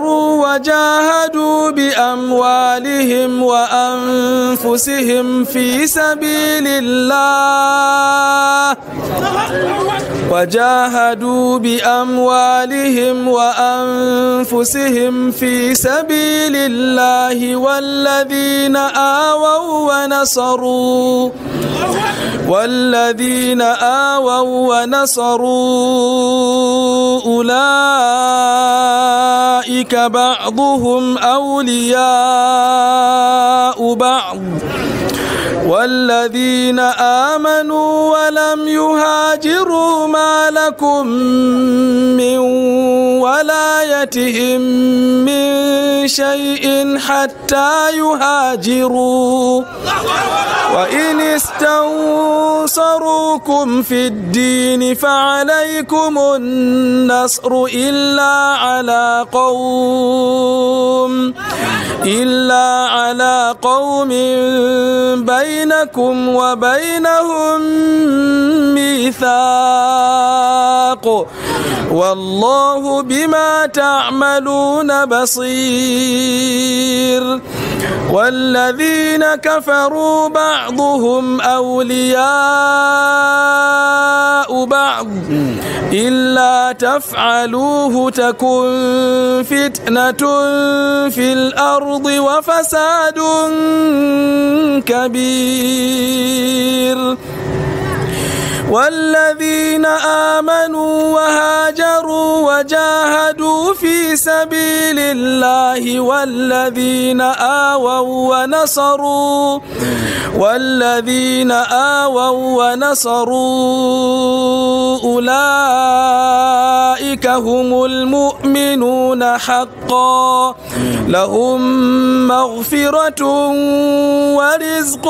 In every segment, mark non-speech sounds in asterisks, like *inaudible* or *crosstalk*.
وصبروا وجاهدوا بأموالهم وأنفسهم في سبيل الله وجاهدوا بأموالهم وأنفسهم في سبيل الله والذين آووا ونصروا والذين آووا ونصروا أولئك بعضهم أولياء بعض والذين آمنوا ولم يهاجروا ما لكم من ولايتهم من شيء حتى يهاجروا وإن استنصروكم في الدين فعليكم النصر إلا على قوم إلا على قوم بينكم وبينهم ميثاق والله بما تعملون بصير والذين كفروا بعضهم أولياء بعض إلا تفعلوه تكن فتنة في الأرض وفساد كبير والذين آمنوا وهاجروا وجاهدوا في سبيل الله والذين آووا ونصروا والذين آووا ونصروا أولئك هم المؤمنون حقا لهم مغفرة ورزق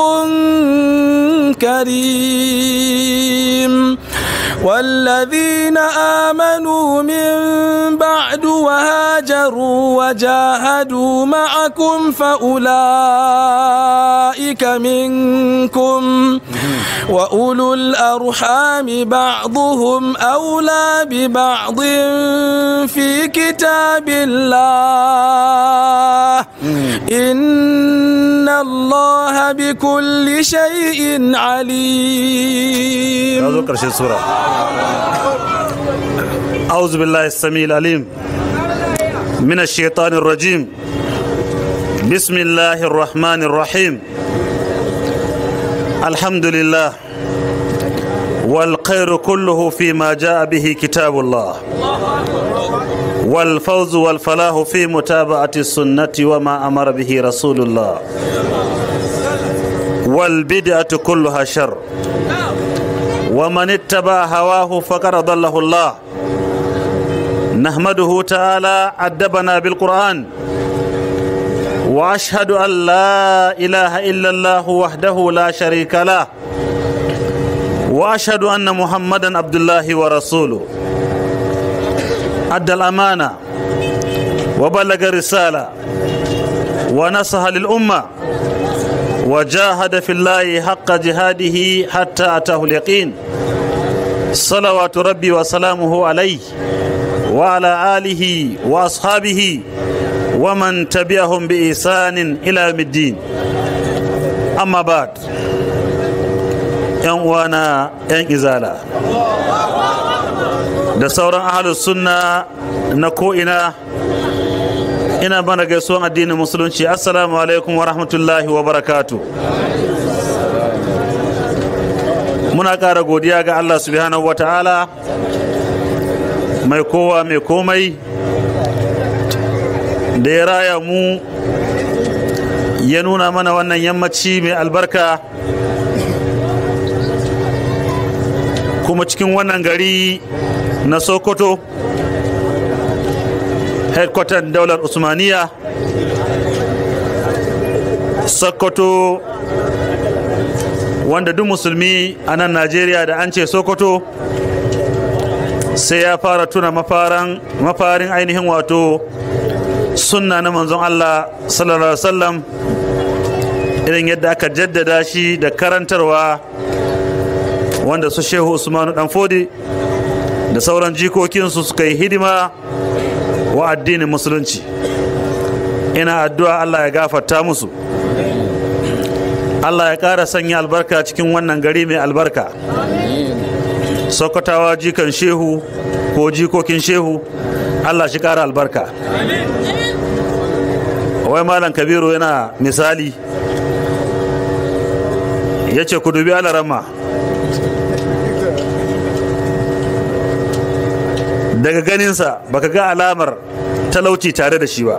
كريم الرحيم والذين آمنوا من بعد وهاجروا وجاهدوا معكم فأولئك منكم وأولو الأرحام بعضهم أولى ببعض في كتاب الله إن الله بكل شيء عليم هذا كرشي سورة أعوذ بالله السميع العليم من الشيطان الرجيم بسم الله الرحمن الرحيم الحمد لله والخير كله فيما جاء به كتاب الله والفوز والفلاح في متابعة السنة وما أمر به رسول الله والبدعة كلها شر ومن اتبع هواه فقد ضله الله نحمده تعالى أدبنا بالقرآن وأشهد أن لا إله إلا الله وحده لا شريك له وأشهد أن محمدا عبد الله ورسوله أدى الأمانة وبلغ الرسالة ونصح للأمة وجاهد في الله حق جهاده حتى أتاه اليقين صلوات ربي وسلامه عليه وعلى آله وأصحابه ومن تبعهم بإحسان إلى يوم الدين أما بعد ‘yan uwana ‘yan izala da sauran ahalus sunna na ko'ina ina mana gaisuwan addinin musulunci assalamu alaikum wa rahmatullahi wa barakatu muna ƙara godiya ga allah subhanahu wa ta'ala mai kowa mai komai da ya raya mu ya nuna mana wannan yammaci mai albarka kuma cikin wannan gari na sokoto headquarter daular usmaniya sokoto wanda duk musulmi a nan najeriya da an ce sokoto sai ya fara tuna mafarin ainihin wato sunna na manzon allah sallallahu alaihi wasallam irin yadda aka jaddada shi da karantarwa wanda su shehu usmanu danfodi da sauran jikokinsu suka yi hidima wa addinin musulunci ina addu'a allah ya gafata musu allah ya ƙara sanya albarka cikin wannan gari mai albarka sokotawa jikan shehu ko jikokin shehu allah shi ƙara albarka wai malam kabiru yana misali ya ce ku dubi alarama daga ganinsa baka ga alamar talauci tare da shi ba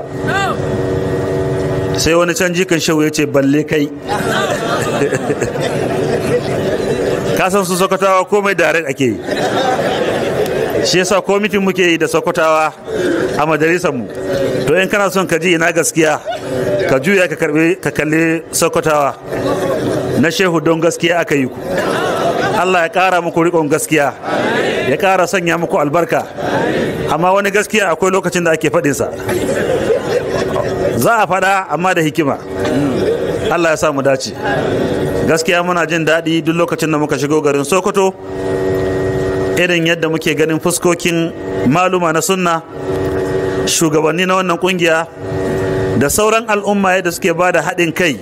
sai wani canji kan shehu ya ce balle kai *laughs* kasan su sokotawa komai direct ake yi shi yasa komitin muke yi da sokotawa a majalisar mu to in kana son ka ji ina gaskiya ka juya ka kalli sokotawa na shehu don gaskiya aka yi ku Allah ya kara muku rikon gaskiya ya kara sanya muku albarka amma wani gaskiya akwai lokacin da ake faɗinsa za a faɗa amma da hikima Allah ya sa mu dace gaskiya muna jin daɗi duk lokacin da muka shigo garin Sokoto irin yadda muke ganin fuskokin maluma na sunna shugabanni na wannan kungiya da sauran al'umma yadda suke ba da haɗin kai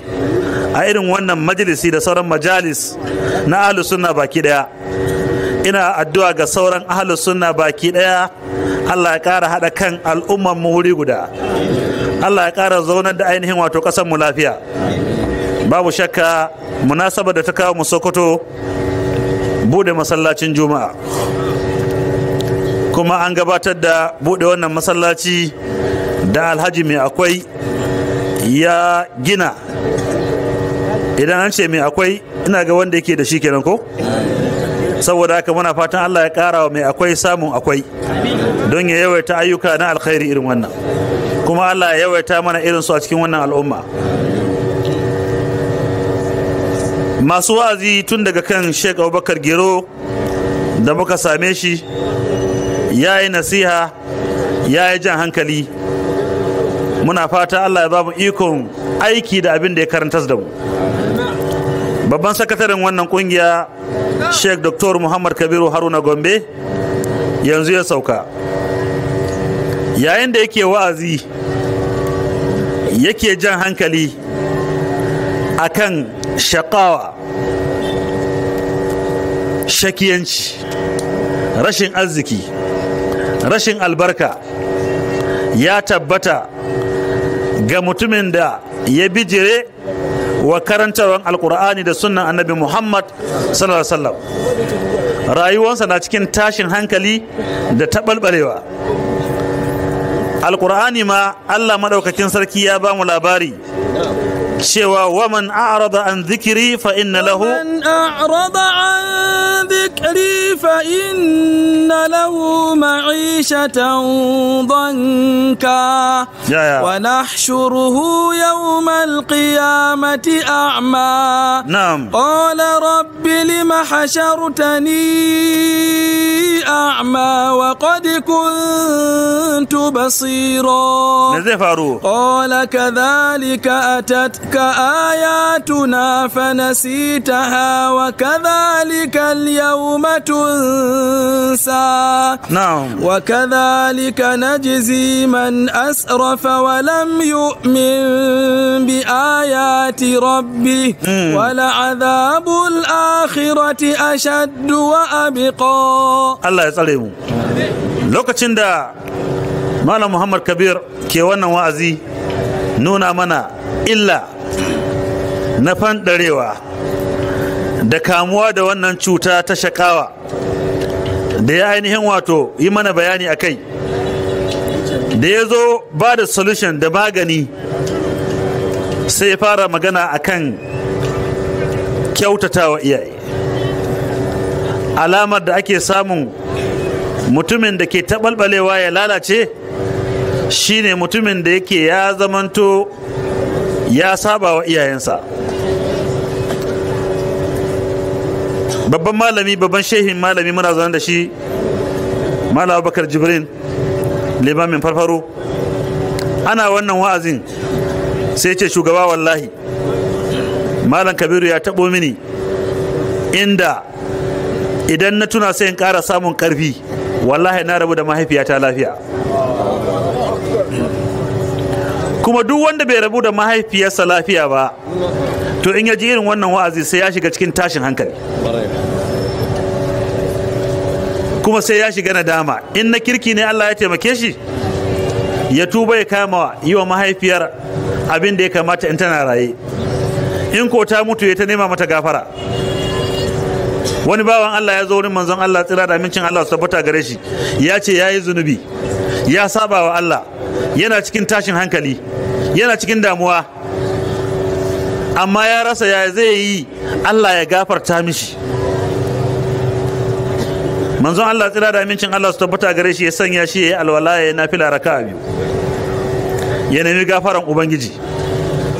a irin wannan majalisi da sauran majalis na ahlus sunna baki daya ina addu'a ga sauran ahlus sunna baki daya Allah ya ƙara haɗa kan al'umman mu wuri guda Allah ya kara zaunar da ainihin wato ƙasar mu lafiya babu shakka munasaba da ta kawo mu Sokoto bude masallacin Juma'a kuma an gabatar da bude wannan masallaci da Alhaji mai akwai ya gina idan an ce mai akwai ina ga wanda yake da shi kenan ko saboda haka muna fatan Allah ya kara wa mai akwai samun akwai don ya yawaita ayyuka na alkhairi irin wannan kuma Allah ya yawaita mana irin su a cikin wannan al'umma masu wa'azi tun daga kan Sheikh Abubakar Gero da muka same shi ya yi nasiha ya yi jan hankali muna fata Allah ya ba mu ikon aiki da abin da ya karantar da mu babban sakataren wannan kungiya sheikh dr muhammad kabiru haruna gombe yanzu ya sauka yayin da yake wa'azi yake jan hankali akan shakawa shakiyanci rashin arziki rashin albarka ya tabbata ga mutumin da ya bijire wa karantarwar alkur'ani da sunnan annabi muhammad sallallahu rayuwarsa na cikin tashin hankali da taɓalɓalewa alkur'ani ma allah maɗaukakin sarki ya ba mu labari شوى ومن أعرض عن ذكري فإن له ومن أعرض عن ذكري فإن له معيشة ضنكا يا يا. ونحشره يوم القيامة أعمى نعم قال رب لم حشرتني أعمى وقد كنت بصيرا قال كذلك أتت تتك آياتنا فنسيتها وكذلك اليوم تنسى نعم وكذلك نجزي من أسرف ولم يؤمن بآيات ربه ولعذاب الآخرة أشد وأبقى الله يسلمه lokacin da malam muhammad kabir ke wannan wa'azi nuna mana illa na fanɗarewa da kamuwa da wannan cuta ta shakawa da ya ainihin wato yi mana bayani a kai da ya zo ba da solution da magani sai ya fara magana a kan kyautatawa iyaye alamar da ake samun mutumin da ke taɓalɓalewa ya lalace shine mutumin da yake ya zamanto ya saba wa iyayensa babban malami babban shehin malami muna zaune da shi malam abubakar jibrin limamin farfaro ana wannan wa'azin sai ce shugaba wallahi malam kabiru ya taɓo mini inda idan na tuna sai in ƙara samun karfi wallahi na rabu da mahaifiyata lafiya kuma duk wanda bai rabu da mahaifiyarsa lafiya ba to in ya ji irin wannan wa'azi sai ya shiga cikin tashin hankali kuma sai ya shiga nadama in na kirki ne Allah ya taimake shi ya tuba ya kama yi wa mahaifiyar abin da ya kamata in tana raye in ko ta mutu ya ta nema mata gafara wani bawan Allah ya zo wurin manzon Allah tsira da amincin Allah su tabbata gare shi ya ce ya yi zunubi ya saba wa Allah yana cikin tashin hankali yana cikin damuwa amma ya rasa ya zai yi Allah ya gafarta mishi manzon Allah tsira da amincin Allah su tabbata gare shi ya sanya shi ya yi alwala ya yi nafila raka biyu ya nemi gafaran ubangiji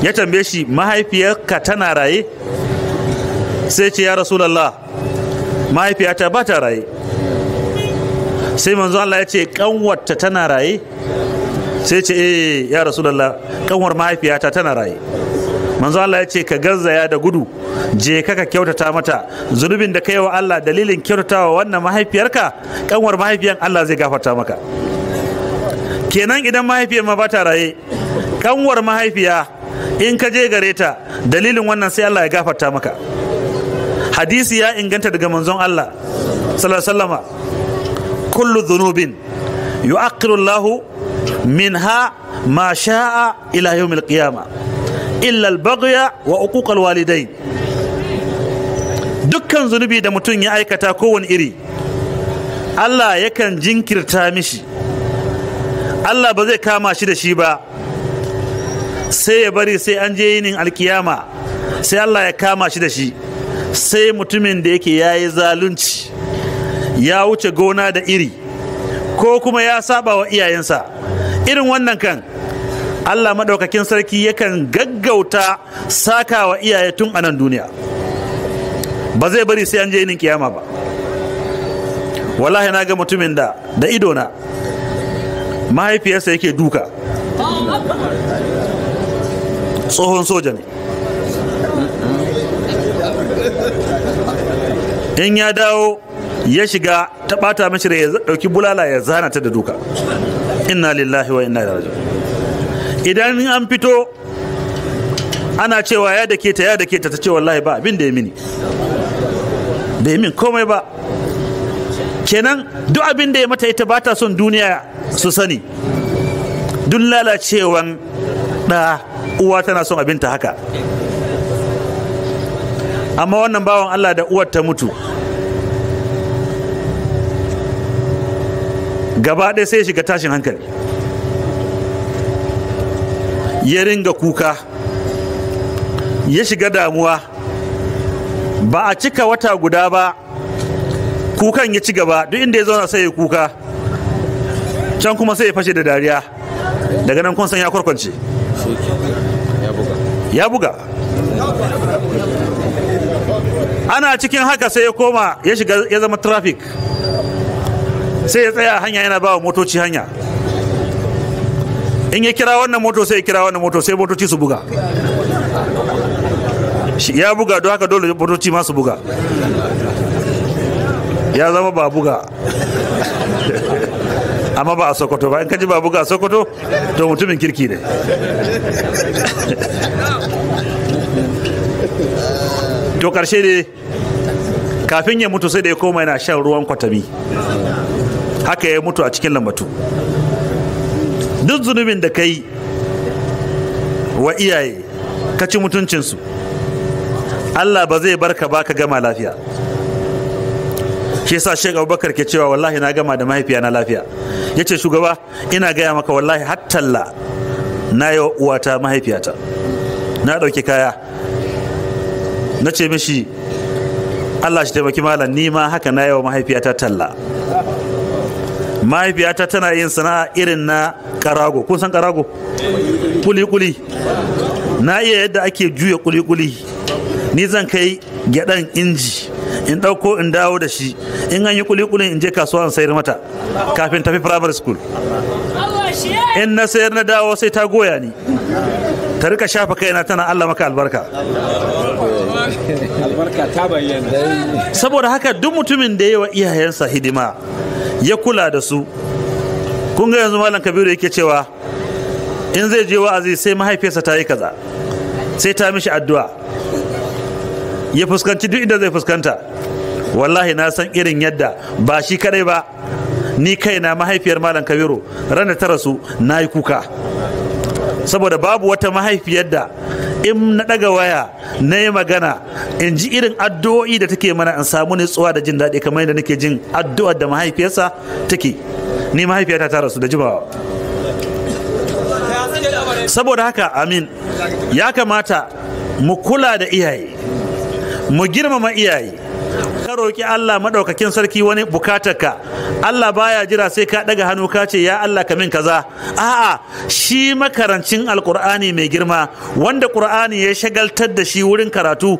ya tambaye shi mahaifiyarka tana raye sai ce ya rasu rasulallah mahaifiyata ba ta raye sai manzo Allah ya ce kanwarta tana raye sai ce eh ya rasulullah kanwar mahaifiyata tana raye manzo Allah ya ce ka garzaya da gudu je ka ka kyautata mata zunubin da kai wa Allah dalilin kyautatawa wannan mahaifiyarka kanwar mahaifiyan Allah zai gafarta maka kenan idan mahaifiyar ma bata raye kanwar mahaifiya in ka je gare ta dalilin wannan sai Allah ya gafarta maka hadisi ya inganta daga manzon Allah sallallahu alaihi wasallama kullu zunubin. yu'aqqiru Allahu minha ma sha'a ila yawmil qiyama illa al wa uquqal walidai. dukkan zunubi da mutum ya aikata kowane iri Allah yakan jinkirta mishi Allah ba zai kama shi da shi ba sai ya bari sai an je yinin alkiyama sai Allah ya kama shi da shi sai mutumin da yake yayi zalunci ya wuce gona da iri ko kuma ya saba wa iyayensa irin wannan kan Allah maɗaukakin sarki yakan gaggauta saka wa iyaye tun a nan duniya ba zai bari sai an je yinin kiyama ba wallahi na ga mutumin da da idona mahaifiyarsa yake duka tsohon soja ne in ya dawo ya shiga ta bata mashi da ya dauki bulala ya zana ta da duka inna lillahi wa inna ilaihi idan an fito ana cewa ya dake ta ya dake ta ta ce wallahi ba abin da ya mini bai min komai ba kenan duk abin da ya mata ita bata son duniya su sani duk lalacewan da uwa tana son abinta haka amma wannan bawan Allah da uwar ta mutu gaba ɗaya sai ya shiga tashin hankali ya ringa kuka ya shiga damuwa ba a cika wata guda ba kukan ya ci gaba duk inda ya zauna sai ya kuka can kuma sai ya fashe da dariya daga nan kun san ya kwarkwance ya buga ana cikin haka sai ya koma ya shiga ya zama traffic sai ya tsaya hanya yana ba wa motoci hanya in ya kira wannan moto sai ya kira wannan moto sai motoci su buga ya buga don haka dole motoci ma su buga ya zama ba buga *laughs* amma ba a sokoto ba in kaji ba buga a sokoto to mutumin kirki ne *laughs* to karshe ne kafin ya mutu sai da ya koma yana shan ruwan kwatami haka ya mutu a cikin lambatu duk zunubin da ka yi wa iyaye ka ci mutuncinsu Allah ba zai barka ba ka gama lafiya shi sa Sheikh Abubakar ke cewa wallahi na gama da mahaifiya na lafiya Ya ce shugaba ina gaya maka wallahi hattalla na yi uwata mahaifiyata na ɗauki kaya na ce mishi Allah shi taimaki malam ni ma haka na yawa mahaifiyata talla mahaifiyata tana yin sana'a irin na karago kun san karago kuli-kuli na iya yadda ake juya kuli-kuli ni zan kai gyaɗan inji in ɗauko in dawo da shi in an yi kuli-kulin in je kasuwa in sayar mata kafin tafi primary school in na sayar na dawo sai ta goya ni ta rika shafa kaina tana allah maka albarka albarka ta bayyana saboda haka duk mutumin da yawa iyayensa hidima ya kula da su kun ga yanzu malam kabiru yake cewa in zai je wa'azi sai mahaifiyarsa ta yi kaza sai ta mishi addu'a ya fuskanci duk inda zai fuskanta wallahi na san irin yadda ba shi kadai ba ni kai na mahaifiyar malam kabiru ranar ta su na yi kuka saboda babu wata mahaifiyar da in na daga waya na yi magana in ji irin addu'o'i da take mana in samu nutsuwa da jin daɗi kamar yadda nake jin addu'ar da mahaifiyarsa take ni mahaifiyata ta rasu da jimawa saboda haka amin ya kamata mu kula da iyaye mu girmama iyaye ka roƙi Allah maɗaukakin sarki wani bukatarka Allah baya jira sai ka ɗaga hannu ka ce ya Allah ka min kaza a'a shi makarancin alƙur'ani mai girma wanda ƙur'ani ya shagaltar da shi wurin karatu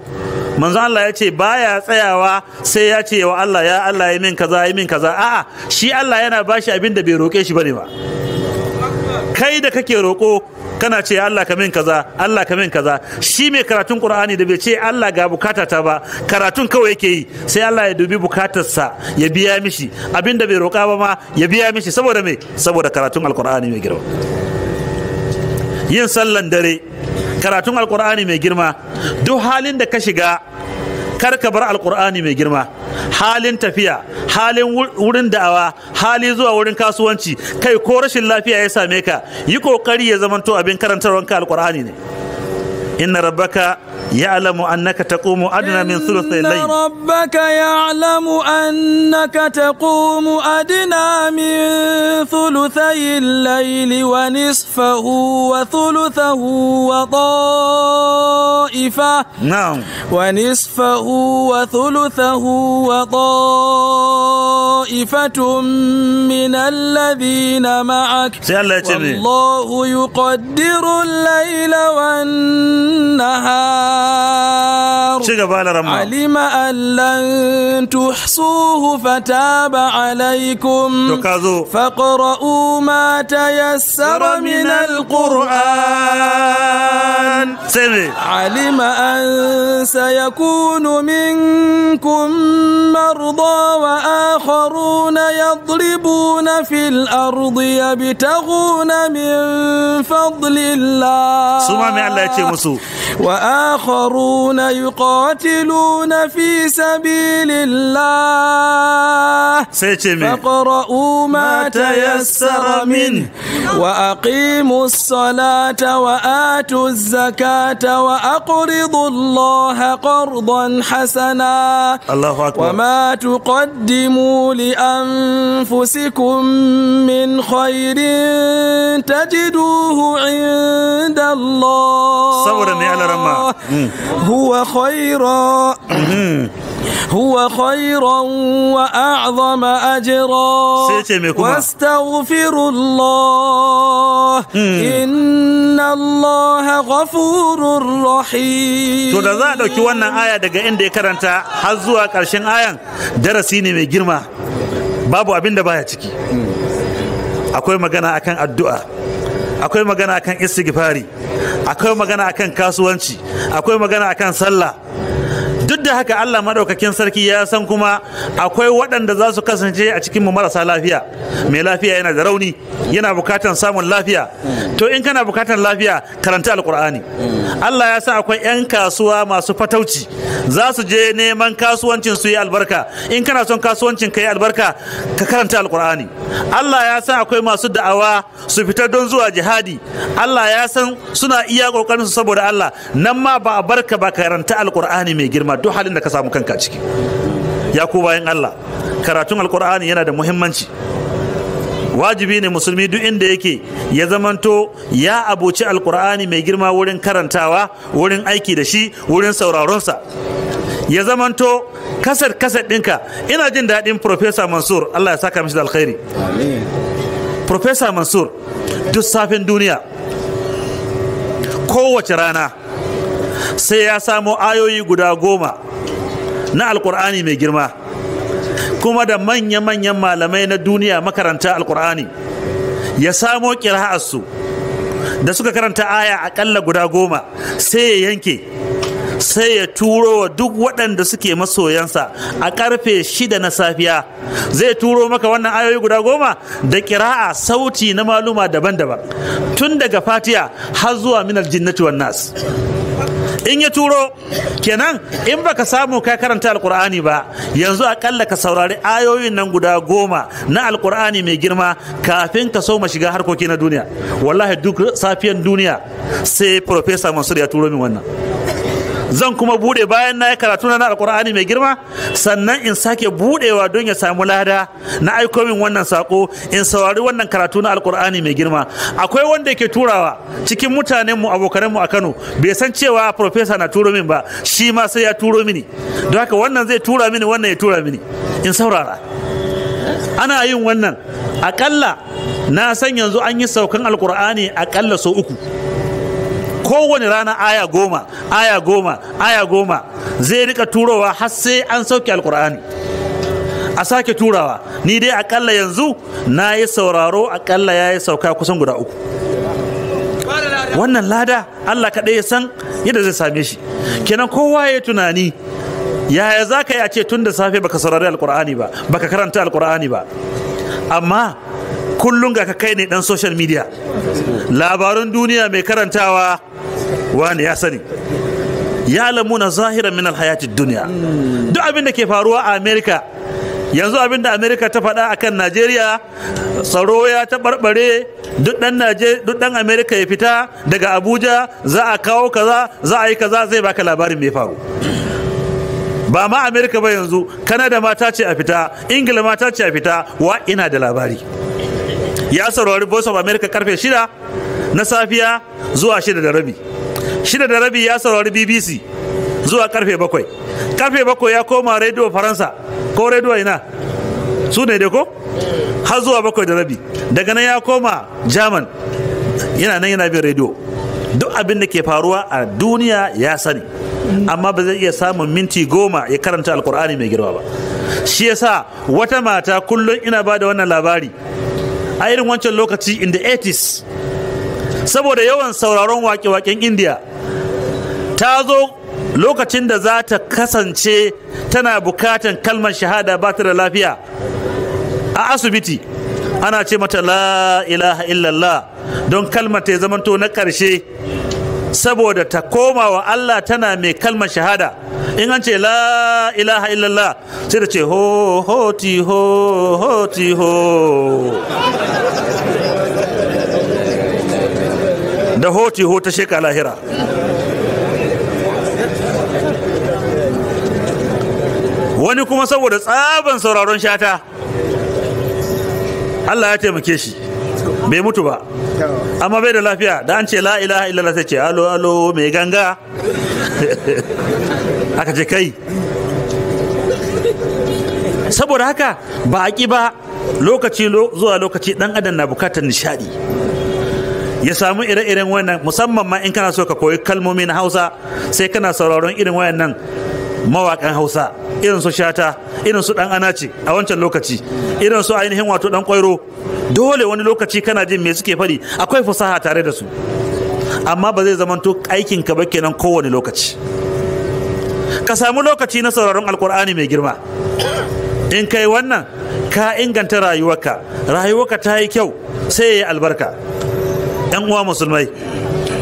manzo Allah ya ce baya tsayawa sai ya ce wa Allah ya Allah ya min kaza ya min kaza a'a shi Allah yana bashi abin da bai roƙe shi bane ba kai da kake roƙo kana ce Allah ka min kaza Allah ka min kaza shi mai karatun Qur'ani da bai ce Allah ga bukatata ba karatun kawai yake yi sai Allah ya dubi bukatarsa ya biya mishi abinda bai roka ba ma ya biya mishi saboda me saboda karatun Alƙur'ani mai girma yin sallan dare karatun Alƙur'ani mai girma duk halin da ka shiga kar ka bar Alƙur'ani mai girma halin tafiya halin wurin da'awa hali zuwa wurin kasuwanci kai ko rashin lafiya ya same ka yi kokari ya zamanto abin ka alkur'ani ne inna rabbaka ya'lamu annaka taqumu adna min thuluthil layl inna rabbaka ya'lamu annaka taqumu adna min thuluthil layl wa nisfahu wa thuluthahu wa wa nisfahu wa thuluthahu wa ta'ifatun min layla والنهار علم أن لن تحصوه فتاب عليكم فاقرؤوا ما تيسر من القرآن علم أن سيكون منكم مرضى وآخرون يضربون في الأرض يبتغون من فضل الله su ma mai Allah ya ce musu وآخرون يقاتلون في سبيل الله فاقرؤوا ما تيسر منه وأقيموا الصلاة وآتوا الزكاة وأقرضوا الله قرضا حسنا الله أكبر وما تقدموا لأنفسكم من خير تجدوه عند الله sauran ne alarama huwa khaira هو خيرا وأعظم أجرا واستغفر الله إن الله غفور رحيم to da za a ɗauki wannan aya daga inda ya karanta har zuwa karshen ayan darasi ne mai girma babu abin da baya ciki akwai magana akan addu'a akwai magana akan istighfari akwai magana akan kasuwanci akwai magana akan sallah da haka Allah madaukakin sarki ya san kuma akwai waɗanda za su kasance a cikin mu marasa lafiya mai lafiya yana da rauni yana bukatan samun lafiya to in kana bukatan lafiya karanta alkur'ani Allah ya san akwai 'yan kasuwa masu fatauci za su je neman kasuwancin su yi albarka in kana son kasuwancin ka yi albarka ka karanta alkur'ani Allah ya san akwai masu da'awa su fita don zuwa jihadi Allah ya san suna iya kokarin su saboda Allah nan ma ba a barka ba karanta alkur'ani mai girma duk halin da ka samu kanka ciki ya ku bayan Allah karatun alkur'ani yana da muhimmanci wajibi ne musulmi duk inda yake ya zamanto ya abuci alkur'ani mai girma wurin karantawa wurin aiki da shi wurin sauraronsa ya zamanto kasar kasar ɗinka ina jin daɗin profesa mansur allah ya saka mishi da alkhairi profesa mansur duk safin duniya kowace rana sai ya samo ayoyi guda goma na alkur'ani mai girma kuma da manya-manyan malamai na duniya makaranta alkur'ani ya samo su da suka karanta aya akalla guda goma sai ya yanke sai ya turo wa duk waɗanda suke masoyansa a ƙarfe shida na safiya zai turo maka wannan ayoyi guda goma da ƙira'a sauti na maluma daban-daban tun daga fatiya har zuwa minal jinnati wannan nas in ya turo kenan in baka samu ka karanta alkur'ani ba yanzu akalla ka saurari ayoyin nan guda goma na alkur'ani mai girma kafin ka so ma shiga harkoki na duniya wallahi duk safiyan duniya sai professor mansur ya turo min wannan zan kuma bude bayan na yi karatu na alkur'ani mai girma sannan in sake budewa don ya samu lada na aiko min wannan sako in saurari wannan karatu na alkur'ani mai girma akwai wanda yake turawa cikin mutanen mu abokanan mu a Kano bai san cewa professor na turo min ba shi ma sai ya turo mini don haka wannan zai tura mini wannan ya tura mini in saurara ana yin wannan akalla na san yanzu an yi saukan alkur'ani akalla sau uku kowane rana aya goma aya goma aya goma zai rika turowa har sai an sauke alkur'ani a sake turawa ni dai akalla yanzu na yi sauraro akalla ya yi sauka kusan guda uku wannan lada allah kaɗai ya san yadda zai same shi kenan kowa ya tunani yaya za ka yi a ce tun da safe baka saurari alkur'ani ba baka karanta alkur'ani ba amma kullum ga ka kai ne dan social media labarun duniya mai karantawa wani ya sani ya na zahirar min alhayatid duniya duk abin da ke faruwa a america yanzu abin da america ta faɗa akan najeriya tsaro ya taɓarɓare duk ɗan america ya fita daga abuja za a kawo kaza za a yi kaza zai baka labarin mai faru ba ma america ba yanzu kanada ma ta ce a fita ingila ma ta ce a fita wa ina da labari ya saurari voice of america karfe shida na safiya zuwa shida da rabi shida da rabi ya saurari bbc zuwa karfe bakwai karfe bakwai ya koma rediyo faransa ko rediyo ina su ne dai ko har zuwa bakwai da rabi daga nan ya koma german yana nan yana bin rediyo duk abin da ke faruwa a duniya ya sani amma ba zai iya samun minti goma ya karanta alkur'ani mai girma ba shi ya sa wata mata kullum ina ba da wannan labari a irin wancan lokaci in the 80s saboda yawan sauraron wake-waken indiya ta zo lokacin da za ta kasance tana bukatan kalmar shahada ba ta da lafiya a asibiti ana ce mata la ilaha illallah don kalmar ta zamanto na ƙarshe saboda ta koma wa Allah tana mai kalmar shahada in an ce la ilaha illallah sai da ce ho ho ti ho ho ti ho da hoti hota sheka lahira wani kuma saboda tsaban sauraron shata Allah ya taimake shi bai mutu ba amma bai da lafiya da an ce la ilaha illallah ce alo alo mai ganga *laughs* aka ce kai saboda haka ba a ƙi ba lokaci zuwa lokaci ɗan adam na bukatar nishadi ya samu ire-iren wannan musamman ma in kana so ka koyi kalmomi na hausa sai kana sauraron irin wayannan mawakan hausa irin su shata irin su dan anace a wancan lokaci irin su ainihin wato dan kwairo dole wani lokaci kana jin me suke faɗi akwai fasaha tare da su amma ba zai zamanto aikin ka ba kenan kowane lokaci ka samu lokaci na sauraron alkur'ani mai girma in kai wannan ka inganta rayuwarka rayuwarka ta yi kyau sai ya yi albarka yan uwa musulmai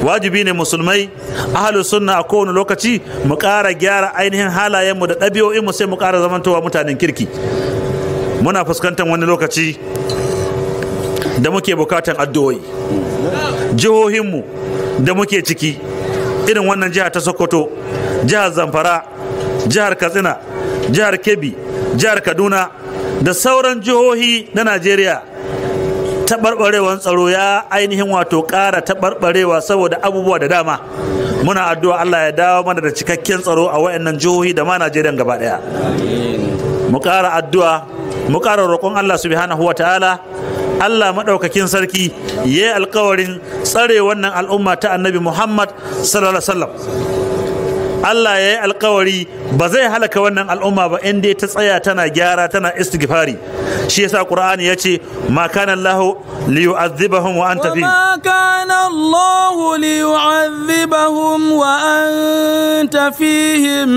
wajibi ne musulmai ahalu sunna a kowane lokaci mu ƙara gyara ainihin halayenmu da ɗabi'o'inmu sai mu ƙara zamantowa mutanen kirki muna fuskantar wani lokaci da muke bukatan addu'o'i jihohinmu da muke ciki irin wannan jiha ta sokoto jihar zamfara jihar katsina jihar kebbi jihar kaduna da sauran jihohi na najeriya taɓarɓarewar tsaro ya ainihin wato ƙara taɓarɓarewa saboda abubuwa da dama muna addu'a Allah ya dawo mana da cikakken tsaro a wayannan jihohi da ma Najeriya gaba ɗaya mu ƙara addu'a mu ƙara roƙon Allah subhanahu wa ta'ala Allah maɗaukakin sarki ya yi alkawarin tsare wannan al'umma ta annabi Muhammad sallallahu alaihi wasallam Allah ya yi alkawari ba zai halaka wannan al'umma ba in dai ta tsaya tana gyara tana istighfari shi yasa Qur'ani ya ce ma kana Allah li yu'adhibahum wa anta fihim ma kana Allah li yu'adhibahum wa anta fihim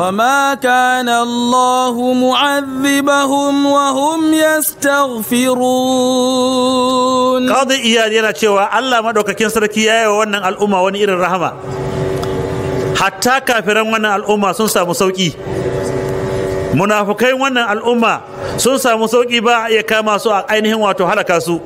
wa ma kana Allah mu'adhibahum wa hum yastaghfirun qadi iyad yana cewa Allah madaukakin sarki yi wa wannan al'umma wani irin rahama hatta kafiran wannan al'umma sun samu sauki munafukai wannan al'umma sun samu sauki ba a iya kama su a ainihin wato halaka su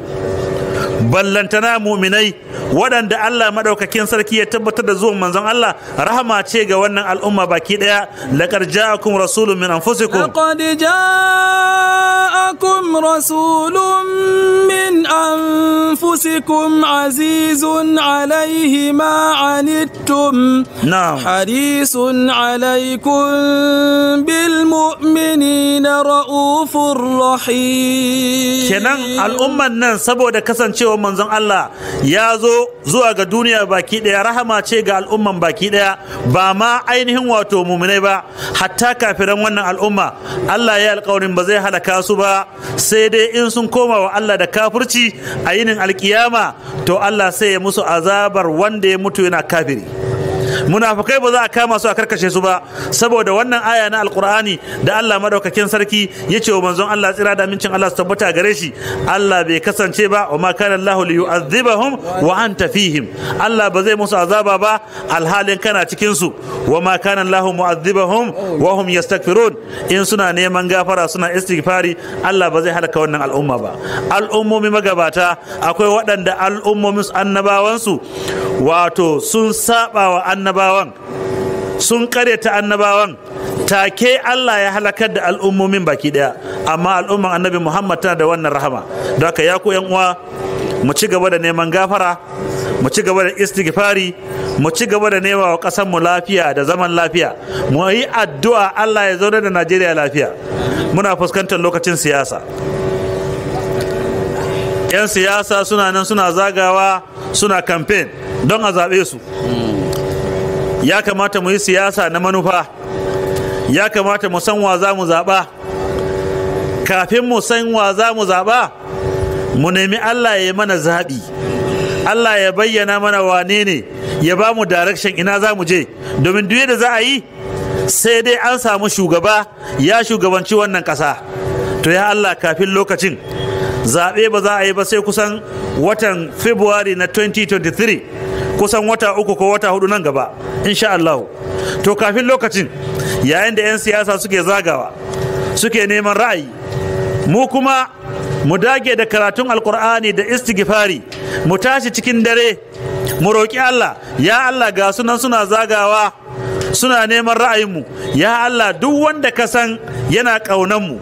ballantana muminai waɗanda Allah maɗaukakin sarki ya tabbatar da zuwan manzon Allah rahama ce ga wannan al'umma baki ɗaya laqad ja'akum rasulun min anfusikum laqad ja'akum rasulun min anfusikum azizun alaihi ma anittum harisun alaykum bil mu'minina ra'ufur rahim kenan al'umman nan saboda kasancewa kasancewar manzon Allah ya zo zuwa ga duniya baki daya rahama ce ga al'umman baki daya ba ma ainihin wato muminai ba hatta kafiran wannan al'umma Allah ya alƙawarin ba zai halaka su ba sai dai in sun koma wa Allah da kafirci a yinin alkiyama to Allah sai ya musu azabar wanda ya mutu yana kafiri munafikai ba za a kama su a karkashe su ba saboda wannan aya na alkur'ani da Allah madaukakin sarki ya ce wa manzon Allah tsira da amincin Allah su tabbata gare shi Allah bai kasance ba wa ma kana Allah li yu'adhibahum wa anta fihim Allah ba zai musu azaba ba alhalin kana cikin su wa ma kana Allah mu'adhibahum wa hum yastaghfirun in suna neman gafara suna istighfari Allah ba zai halaka wannan al'umma ba al'ummomi magabata akwai waɗanda al'ummomin annabawansu wato sun saba wa annabawa annabawan sun karyata annabawan take Allah ya halakar da al'ummomin baki daya amma al'umman annabi Muhammad tana da wannan rahama don haka ya ku yan uwa mu ci gaba da neman gafara mu ci gaba da istighfari mu ci gaba da nema wa ƙasar mu lafiya da zaman lafiya mu yi addu'a Allah ya zauna da Najeriya lafiya muna fuskantar lokacin siyasa 'yan siyasa suna nan suna zagawa suna kamfen don a zaɓe su ya kamata mu yi siyasa na manufa ya kamata mu san wa za mu zaɓa kafin mu san wa za mu zaɓa mu nemi allah ya yi mana zaɓi allah ya bayyana mana wane ne ya ba mu direction ina za mu je domin duk da za a yi sai dai an samu shugaba ya shugabanci wannan ƙasa to ya allah kafin lokacin zaɓe ba za a yi ba sai kusan watan february na 2023 kusan wata uku ko wata hudu nan gaba insha Allah to kafin lokacin yayin da 'yan siyasa suke zagawa suke neman ra'ayi mu kuma mu dage da karatun alkur'ani da istighfari mu tashi cikin dare mu roƙi Allah ya Allah ga sunan suna zagawa suna neman ra'ayinmu ya Allah duk wanda ka san yana ƙaunanmu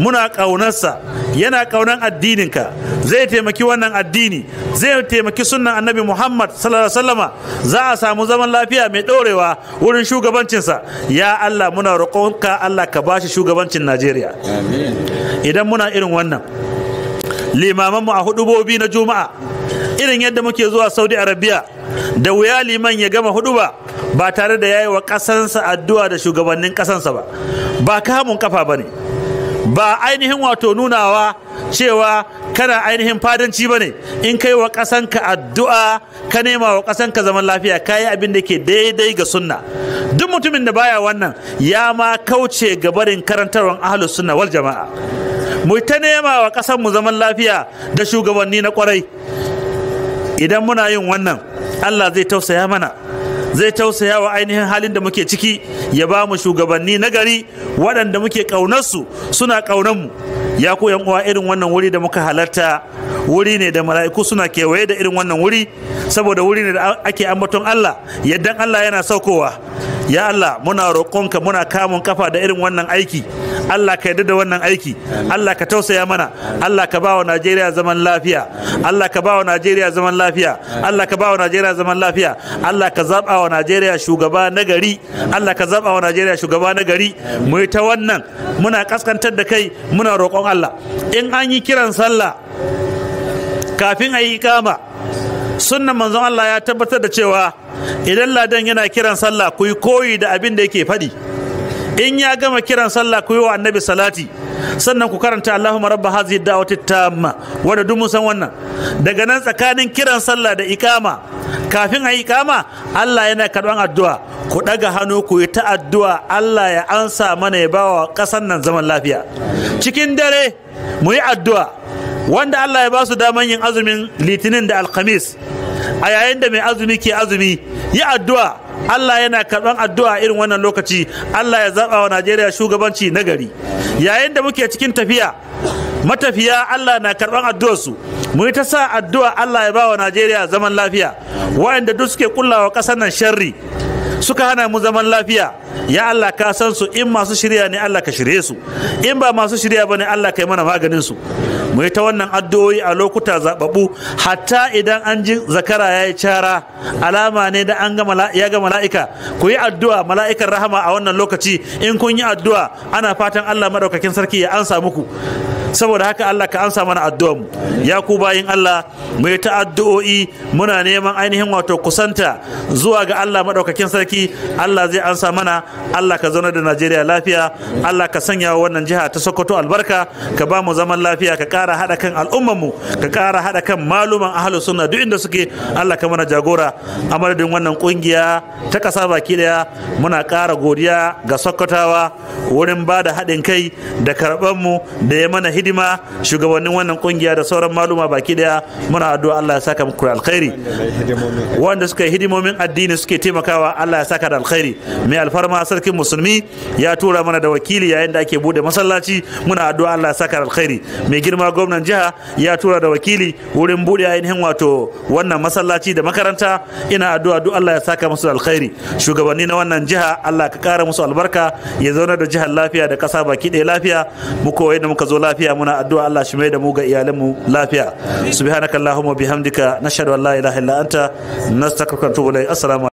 muna ƙaunarsa yana kaunan addininka zai taimaki wannan addini zai taimaki sunan annabi muhammad sallallahu alaihi wasallama za a samu zaman lafiya mai ɗorewa wurin shugabancinsa ya allah muna roƙonka allah ka bashi shugabancin najeriya idan muna irin wannan limamanmu a hudubobi na juma'a irin yadda muke zuwa saudi arabia da wuya liman ya gama huduba ba ba tare da yayi wa kasansa addu'a da shugabannin ƙasarsa ba ba kamun kafa ba ne ba ainihin wato nunawa cewa kana ainihin fadanci ba ne in kai wa ƙasanka addu'a ka nema wa ƙasanka zaman lafiya ka yi abin da ke daidai ga sunna duk mutumin da baya wannan ya ma kauce ga barin karantarwar ahlus sunna wal jama'a mu ta nema wa kasanmu mu zaman lafiya da shugabanni na kwarai idan muna yin wannan Allah zai tausaya mana zai tausaya wa ainihin halin da muke ciki ya ba mu shugabanni na gari waɗanda muke ƙaunarsu suna ƙaunarmu ya ku yan uwa irin wannan wuri da muka halarta wuri ne da mala'iku suna kewaye da irin wannan wuri saboda wuri ne da ake ambaton Allah yaddan Allah yana saukowa ya Allah muna roƙonka muna kamun kafa da irin wannan aiki Allah ka yarda da wannan aiki Allah ka tausaya mana Allah ka ba wa Najeriya zaman lafiya Allah ka ba wa Najeriya zaman lafiya Allah ka ba wa Najeriya zaman lafiya Allah ka zaba wa Najeriya shugaba na gari Allah ka zaba wa Najeriya shugaba na gari mu ta wannan muna kaskantar da kai muna roƙon Allah in an yi kiran sallah kafin a yi ikama sunnan manzon Allah ya tabbatar da cewa idan ladan yana kiran sallah ku yi koyi da abin da yake faɗi in ya gama kiran sallah ku yi wa annabi salati sannan ku karanta Allahumma rabba hazihi da'wati tamma wanda duk mun san wannan daga nan tsakanin kiran sallah da ikama kafin a ikama Allah yana karban addu'a ku daga hannu ku yi ta addu'a Allah ya ansa mana ya bawa kasan nan zaman lafiya cikin dare mu yi addu'a wanda Allah ya ba su daman yin azumin litinin da alkhamis a yayin da mai azumi ke azumi yi addu'a Allah yana karɓan addu'a irin wannan lokaci Allah ya zaɓa wa Najeriya shugabanci na gari yayin da muke cikin tafiya matafiya Allah na karɓan addu'arsu mu yi ta sa addu'a Allah ya ba wa Najeriya zaman lafiya waɗanda duk suke kullawa ƙasar nan sharri suka hana mu zaman lafiya ya Allah ka san su in masu shirya ne Allah ka shirye su in ba masu shirya ne Allah kai mana maganin su mu yi ta wannan addu'o'i a lokuta zababbu hatta idan an ji zakara ya yi cara alama ne da an ya ga mala'ika ku yi addu'a mala'ikar rahama a wannan lokaci in kun yi addu'a ana fatan Allah maɗaukakin sarki ya ansa muku saboda haka Allah ka ansa mana addu'a mu ya ku bayin Allah mu yi ta addu'o'i muna neman ainihin wato kusanta zuwa ga Allah madaukakin sarki Allah zai ansa mana Allah ka zauna da Najeriya lafiya Allah ka sanya wa wannan jiha ta Sokoto albarka ka ba mu zaman lafiya ka kara haɗa kan al'ummar mu ka kara haɗa kan maluman ahlus sunna duk inda suke Allah ka mana jagora a madadin wannan kungiya ta kasa baki daya muna kara godiya ga Sokotawa wurin ba da haɗin kai da karɓar mu da ya mana hidima shugabannin wannan kungiya da sauran maluma baki daya muna addu'a Allah ya saka muku alkhairi wanda suka yi hidimomin addini suke taimakawa Allah ya saka da alkhairi mai alfarma sarkin musulmi ya tura mana da wakili yayin da ake bude masallaci muna addu'a Allah ya saka da alkhairi mai girma gwamnan jiha ya tura da wakili wurin bude ainihin wato wannan masallaci da makaranta ina addu'a duk Allah ya saka musu alkhairi shugabanni na wannan jiha Allah ka kara musu albarka ya zauna da jihar lafiya da kasa baki daya lafiya mu koyi da muka zo lafiya lafiya muna addu'a Allah shi mai da mu ga iyalanmu lafiya subhanakallahumma bihamdika nashhadu an la ilaha illa anta nastaghfiruka wa atubu ilayk assalamu